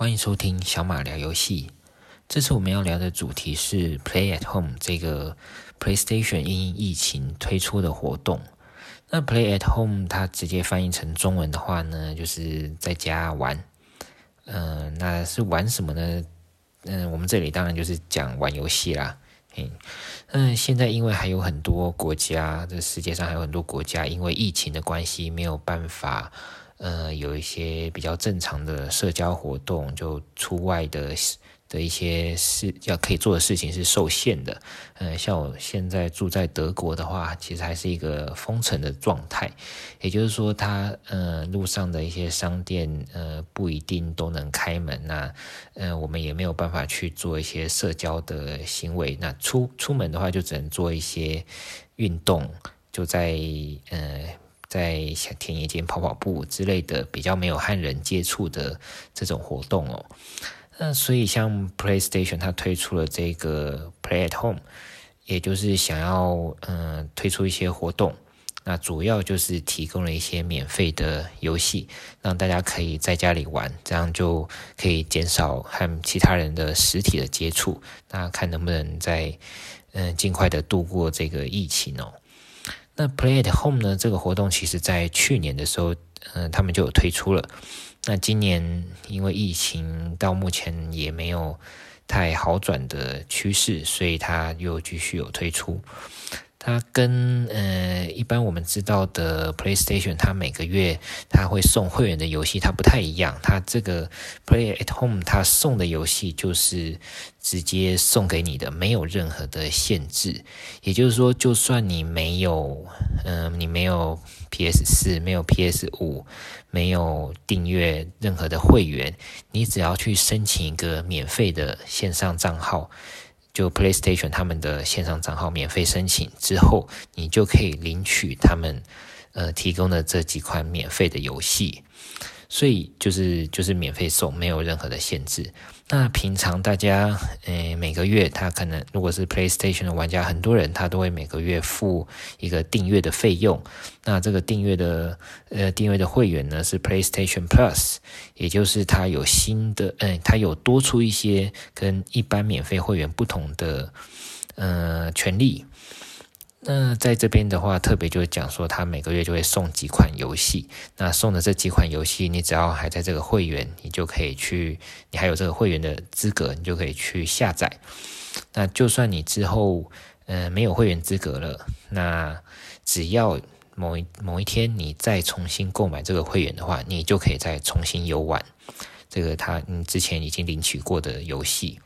歡迎收聽小馬聊遊戲。這次我們要聊的主題是 Play at Home 這個 PlayStation 因疫情推出的活動。那 Play at Home 它直接翻譯成中文的話呢，就是在家玩。嗯、呃，那是玩什麼呢？嗯、呃，我們這裡當然就是講玩遊戲啦。嗯、呃，現在因為還有很多國家，這世界上還有很多國家，因為疫情的關係沒有辦法。呃，有一些比較正常的社交活動，就出外的的一些事要可以做的事情是受限的。呃，像我現在住在德國的話，其實還是一個封城的狀態，也就是說他，它呃路上的一些商店呃不一定都能開門那。呃，我們也沒有辦法去做一些社交的行為。那出出門的話，就只能做一些運動，就在呃。在小田野間跑跑步之類的，比較沒有和人接觸的這種活動哦。那所以像 PlayStation 它推出了這個 Play at Home，也就是想要嗯推出一些活動，那主要就是提供了一些免費的遊戲，讓大家可以在家裡玩，這樣就可以減少和其他人的實體的接觸。那看能不能在嗯盡快的度過這個疫情哦。那 Play at Home 呢？這個活動其實，在去年的時候，嗯、呃，他們就有推出了。那今年因為疫情，到目前也沒有太好轉的趨勢，所以他又繼續有推出。它跟呃一般我們知道的 PlayStation，它每個月它會送會員的遊戲，它不太一樣。它這個 Play at Home，它送的遊戲就是直接送給你的，沒有任何的限制。也就是說，就算你沒有嗯、呃、你沒有 PS 四，沒有 PS 五，沒有訂閱任何的會員，你只要去申請一個免費的線上賬號。就 PlayStation 他們的線上賬號免費申請之後，你就可以領取他們呃提供的這幾款免費的遊戲。所以就是就是免費送，沒有任何的限制。那平常大家，誒每個月他可能如果是 PlayStation 的玩家，很多人他都會每個月付一個訂閱的費用。那這個訂閱的呃訂閱的會員呢，是 PlayStation Plus，也就是他有新的，嗯，他有多出一些跟一般免費會員不同的，呃，權利。那在這邊的話，特別就是講說，他每個月就會送幾款遊戲。那送的這幾款遊戲，你只要還在這個會員，你就可以去，你還有這個會員的資格，你就可以去下載。那就算你之後，呃，沒有會員資格了，那只要某一某一天你再重新購買這個會員的話，你就可以再重新遊玩這個他你之前已經領取過的遊戲。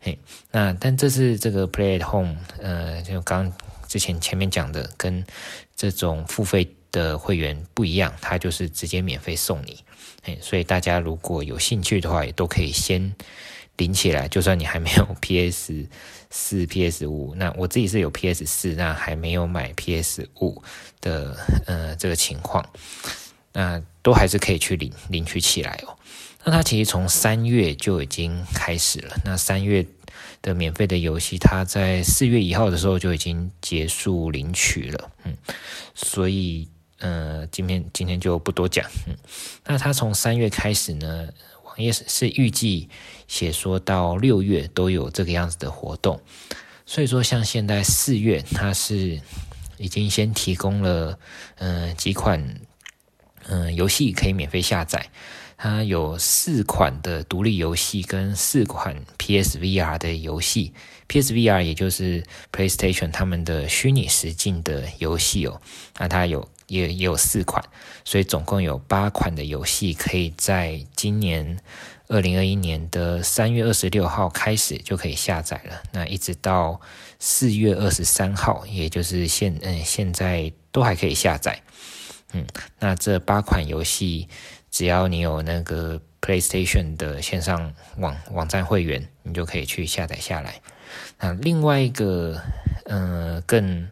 嘿，那但這是這個 Play at Home，呃，就剛。之前前面講的跟這種付費的會員不一樣，它就是直接免費送你，嘿，所以大家如果有興趣的話，也都可以先領起來。就算你還沒有 PS 四、PS 五，那我自己是有 PS 四，那還沒有買 PS 五的，呃，這個情況，那都還是可以去領領取起來哦。那它其實從三月就已經開始了，那三月。的免費的遊戲，它在四月一號的時候就已經結束領取了，嗯，所以，呃，今天今天就不多講，嗯。那它從三月開始呢，網頁是預計寫說到六月都有這個樣子的活動，所以說像現在四月，它是已經先提供了，嗯、呃，幾款，嗯、呃，遊戲可以免費下載。它有四款的獨立遊戲跟四款 PSVR 的遊戲，PSVR 也就是 PlayStation 他們的虛擬實境的遊戲哦。那它有也也有四款，所以總共有八款的遊戲可以在今年二零二一年的三月二十六號開始就可以下載了。那一直到四月二十三號，也就是現嗯現在都還可以下載。嗯，那這八款遊戲。只要你有那個 PlayStation 的線上網網站會員，你就可以去下載下來。那另外一個，嗯、呃，更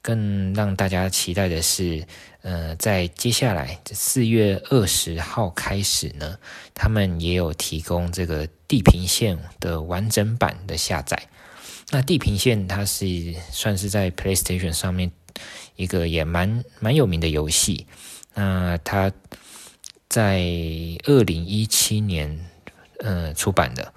更讓大家期待的是，呃，在接下來四月二十號開始呢，他們也有提供這個《地平線》的完整版的下載。那《地平線》它是算是在 PlayStation 上面一個也蠻蠻有名的遊戲，那它。在二零一七年，呃，出版的，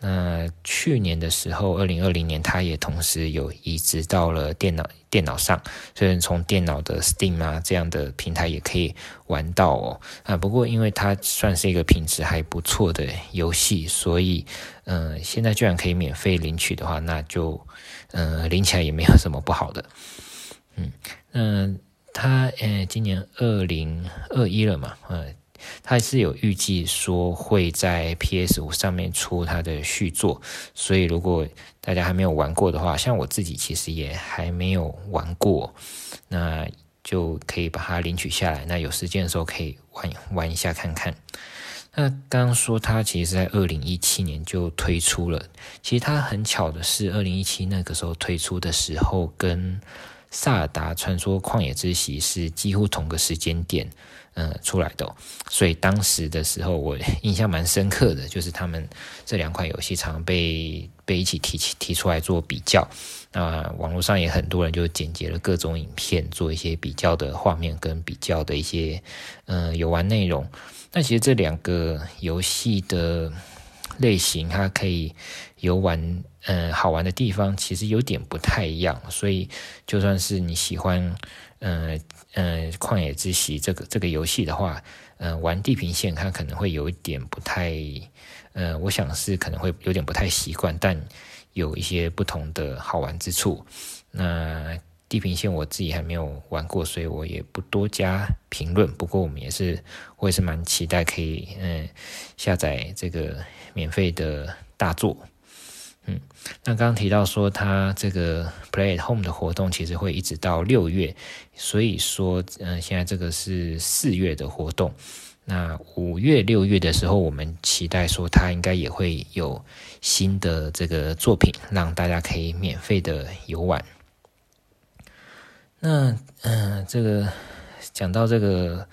呃，去年的時候，二零二零年，它也同時有移植到了電腦電腦上，所以從電腦的 Steam 啊這樣的平台也可以玩到哦。啊、呃，不過因為它算是一個品質還不錯的遊戲，所以，嗯、呃，現在居然可以免費領取的話，那就，呃，領起來也沒有什麼不好的。嗯，那、呃、它，哎、呃，今年二零二一了嘛，呃。他也是有預計說會在 PS 五上面出他的續作，所以如果大家還沒有玩過的話，像我自己其實也還沒有玩過，那就可以把它領取下來，那有時間的時候可以玩玩一下看看。那剛剛說他其實在2017年就推出了，其實他很巧的是2017那個時候推出的時候，跟《薩爾達傳說：曠野之息》是幾乎同個時間點。嗯，出來的、哦，所以當時的時候，我印象蠻深刻的，就是他們這兩款遊戲常被被一起提起提出來做比較。那、呃、網絡上也很多人就剪輯了各種影片，做一些比較的畫面跟比較的一些嗯、呃、遊玩內容。那其實這兩個遊戲的類型，它可以遊玩嗯、呃、好玩的地方，其實有點不太一樣。所以就算是你喜歡嗯，呃嗯，曠野之息這個這個遊戲的話，嗯，玩《地平線》它可能會有一點不太，呃、嗯，我想是可能會有點不太習慣，但有一些不同的好玩之處。那《地平線》我自己還沒有玩過，所以我也不多加評論。不過我們也是，我也是蠻期待可以嗯下載這個免費的大作。嗯，那剛剛提到說，他這個 Play at Home 的活動其實會一直到六月，所以說，嗯、呃，現在這個是四月的活動，那五月、六月的時候，我們期待說，他應該也會有新的這個作品，讓大家可以免費的遊玩。那，嗯、呃，這個講到這個。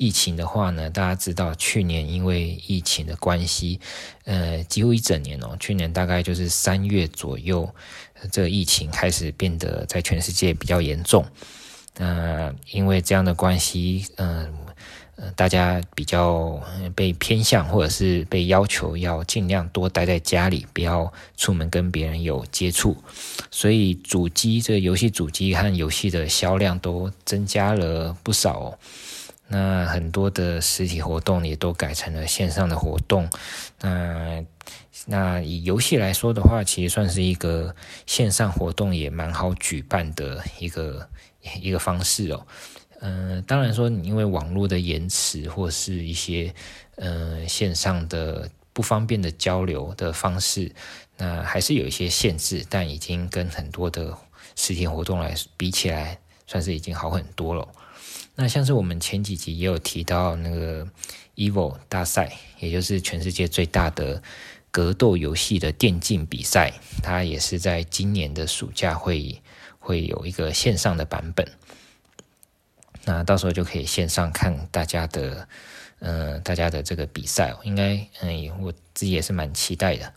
疫情的話呢，大家知道，去年因為疫情的關係，呃，幾乎一整年哦。去年大概就是三月左右，這個、疫情開始變得在全世界比較嚴重。呃，因為這樣的關係，嗯、呃，大家比較被偏向，或者是被要求要盡量多待在家裡，不要出門跟別人有接觸，所以主機這個、遊戲主機和遊戲的銷量都增加了不少、哦。那很多的實體活動也都改成了線上的活動，那那以遊戲來說的話，其實算是一個線上活動也蠻好舉辦的一個一個方式哦。嗯，呃，當然說你因為網絡的延遲或是一些嗯，呃，線上的不方便的交流的方式，那還是有一些限制，但已經跟很多的實體活動來比起來，算是已經好很多了哦。那像是我們前幾集也有提到那個 EVO 大賽，也就是全世界最大的格鬥遊戲的電競比賽，它也是在今年的暑假會會有一個線上的版本。那到時候就可以線上看大家的，嗯、呃，大家的這個比賽應該嗯，我自己也是蠻期待的。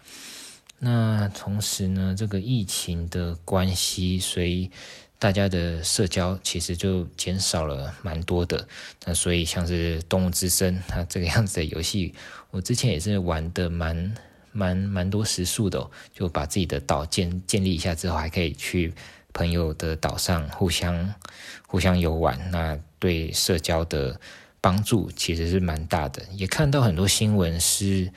那同時呢，這個疫情的關係，所以。大家的社交其實就減少了蠻多的，那所以像是《動物之森》它這個樣子的遊戲，我之前也是玩得蠻蠻蠻多時數的哦，就把自己的島建建立一下之後，還可以去朋友的島上互相互相遊玩，那對社交的幫助其實是蠻大的，也看到很多新聞是。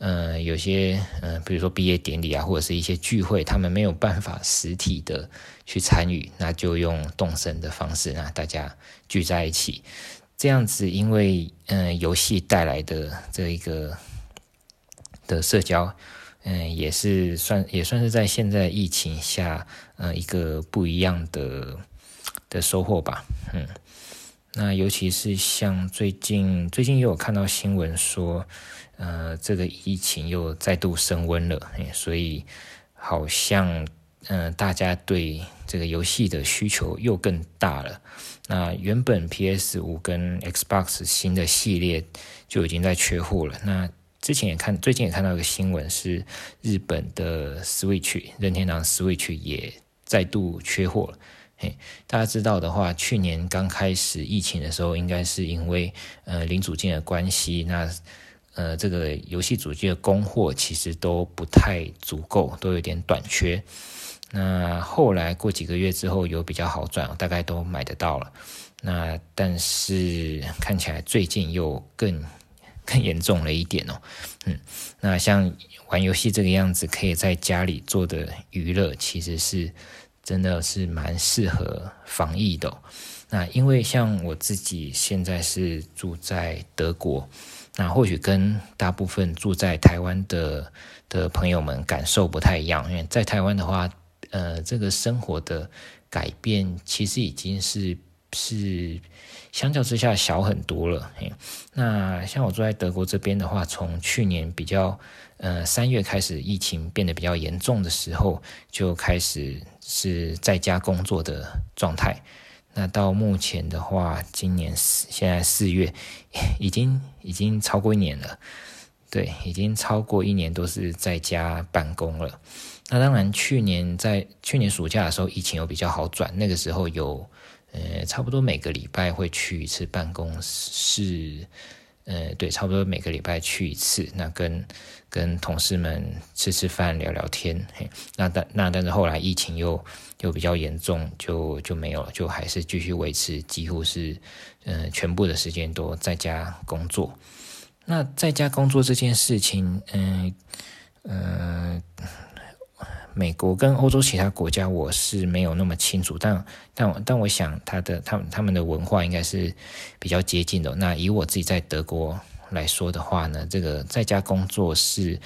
嗯、呃，有些嗯、呃，比如說畢業典禮啊，或者是一些聚會，他們沒有辦法實體的去參與，那就用動森的方式，那大家聚在一起，這樣子，因為嗯、呃，遊戲帶來的這一個的社交，嗯、呃，也是算也算是在現在疫情下，嗯、呃，一個不一樣的的收穫吧，嗯，那尤其是像最近最近也有看到新聞說。呃，這個疫情又再度升溫了，欸、所以好像，嗯、呃，大家對這個遊戲的需求又更大了。那原本 PS5 跟 Xbox 新的系列就已經在缺貨了。那之前也看，最近也看到一個新聞，是日本的 Switch 任天堂 Switch 也再度缺貨了。嘿、欸，大家知道的話，去年剛開始疫情的時候，應該是因為呃零組件的關係，那。呃，這個遊戲主機的供貨其實都不太足夠，都有點短缺。那後來過幾個月之後有比較好轉，大概都買得到了。那但是看起來最近又更更嚴重了一點哦。嗯，那像玩遊戲這個樣子，可以在家裡做的娛樂，其實是真的是蠻適合防疫的哦。那因為像我自己現在是住在德國。那或許跟大部分住在台灣的的朋友們感受不太一樣，因為在台灣的話，呃，這個生活的改變其實已經是是相較之下小很多了。欸、那像我住在德國這邊的話，從去年比較呃三月開始疫情變得比較嚴重的時候，就開始是在家工作的狀態。那到目前的話，今年四現在四月，已經已經超過一年了。對，已經超過一年都是在家辦公了。那當然，去年在去年暑假的時候，疫情又比較好轉，那個時候有，呃，差不多每個禮拜會去一次辦公室，呃，對，差不多每個禮拜去一次。那跟跟同事們吃吃飯、聊聊天。那但那但是後來疫情又。就比較嚴重，就就沒有了，就還是繼續維持，幾乎是，嗯、呃，全部的時間都在家工作。那在家工作這件事情，嗯、呃、嗯、呃，美國跟歐洲其他國家我是沒有那麼清楚，但但但我想他的他們他們的文化應該是比較接近的。那以我自己在德國來說的話呢，這個在家工作是。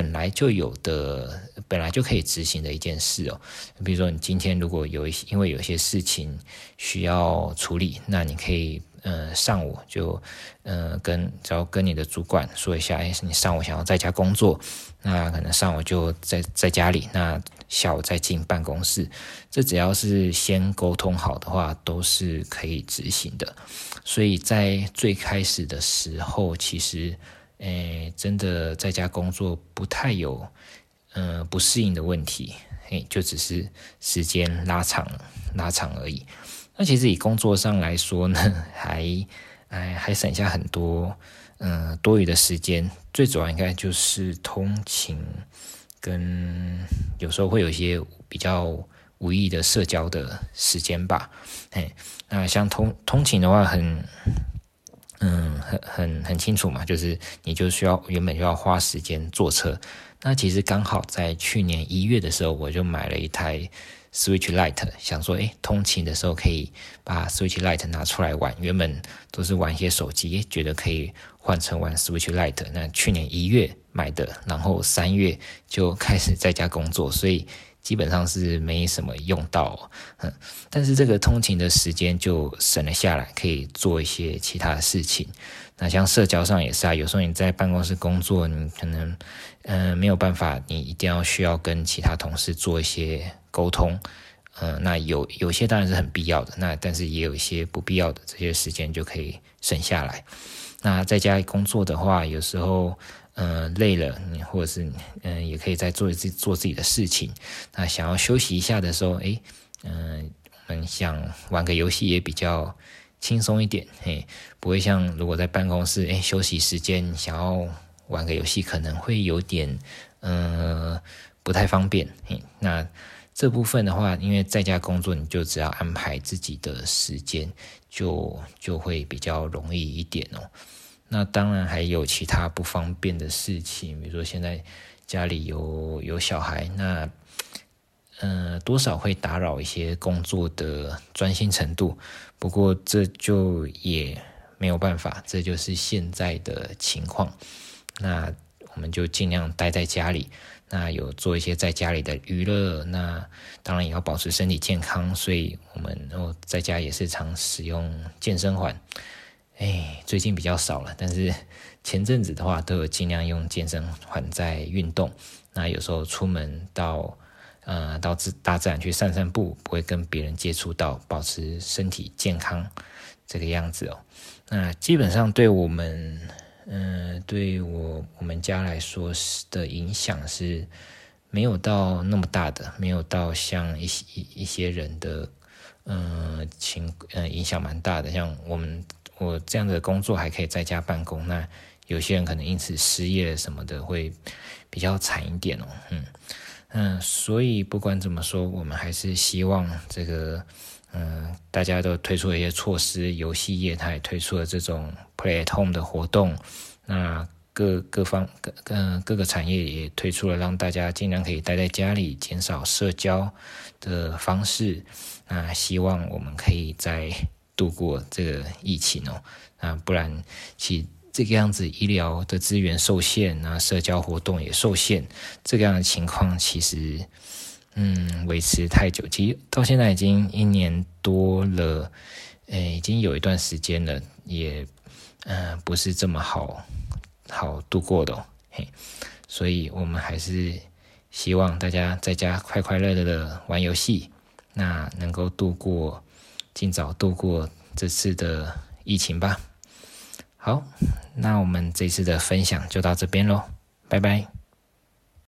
本來就有的，本來就可以執行的一件事哦。比如說，你今天如果有一些因為有些事情需要處理，那你可以，嗯、呃，上午就，嗯、呃，跟只要跟你的主管說一下，哎，你上午想要在家工作，那可能上午就在在家裡，那下午再進辦公室。這只要是先溝通好的話，都是可以執行的。所以在最開始的時候，其實。誒，真的在家工作不太有，嗯、呃，不適應的問題，誒就只是時間拉長拉長而已。那其實以工作上來說呢，還還，還省下很多，嗯、呃，多餘的時間。最主要應該就是通勤跟，跟有時候會有一些比較無意的社交的時間吧，嘿，那像通通勤的話很。嗯，很很很清楚嘛，就是你就需要原本就要花時間坐車。那其實剛好在去年一月的時候，我就買了一台 Switch Lite，想說，誒，通勤的時候可以把 Switch Lite 拿出來玩。原本都是玩一些手機，覺得可以換成玩 Switch Lite。那去年一月買的，然後三月就開始在家工作，所以。基本上是沒什麼用到，哦，嗯，但是這個通勤的時間就省了下來，可以做一些其他的事情。那像社交上也是啊，有時候你在辦公室工作，你可能，嗯、呃，沒有辦法，你一定要需要跟其他同事做一些溝通，嗯、呃，那有有些當然是很必要的，那但是也有一些不必要的這些時間就可以省下來。那在家工作的話，有時候。嗯、呃，累了，你或者是嗯、呃，也可以在做自做自己的事情。那想要休息一下的時候，哎，嗯、呃，我們想玩個遊戲也比較輕鬆一點，嘿，不會像如果在辦公室，哎，休息時間想要玩個遊戲可能會有點嗯、呃、不太方便。嘿，那這部分的話，因為在家工作，你就只要安排自己的時間，就就會比較容易一點哦。那當然還有其他不方便的事情，比如說現在家裡有有小孩，那嗯、呃、多少會打擾一些工作的專心程度。不過這就也沒有辦法，這就是現在的情況。那我們就盡量待在家裡，那有做一些在家裡的娛樂。那當然也要保持身體健康，所以我們哦在家也是常使用健身環。哎，最近比較少了，但是前陣子的話，都有儘量用健身環在運動。那有時候出門到，呃，到自大自然去散散步，不會跟別人接觸到，保持身體健康這個樣子哦。那基本上對我們，嗯、呃，對我我們家來說是的影響是沒有到那麼大的，沒有到像一些一一些人的，嗯、呃，情嗯、呃、影響蠻大的，像我們。我這樣的工作還可以在家辦公，那有些人可能因此失業了什麼的會比較慘一點哦。嗯嗯，所以不管怎麼說，我們還是希望這個，嗯、呃，大家都推出了一些措施，遊戲業態推出了這種 Play At Home 的活動，那各各方各嗯、呃、各個產業也推出了讓大家盡量可以待在家裡，減少社交的方式。那希望我們可以在。度過這個疫情哦，啊，不然其這個樣子，醫療的資源受限啊，社交活動也受限，這個樣的情況其實，嗯，維持太久，其實到現在已經一年多了，呃，已經有一段時間了，也，嗯，呃，不是這麼好好度過的，哦，嘿，所以我們還是希望大家在家快快樂樂的玩遊戲，那能夠度過。儘早度過這次的疫情吧。好，那我們這次的分享就到這邊嘍，拜拜。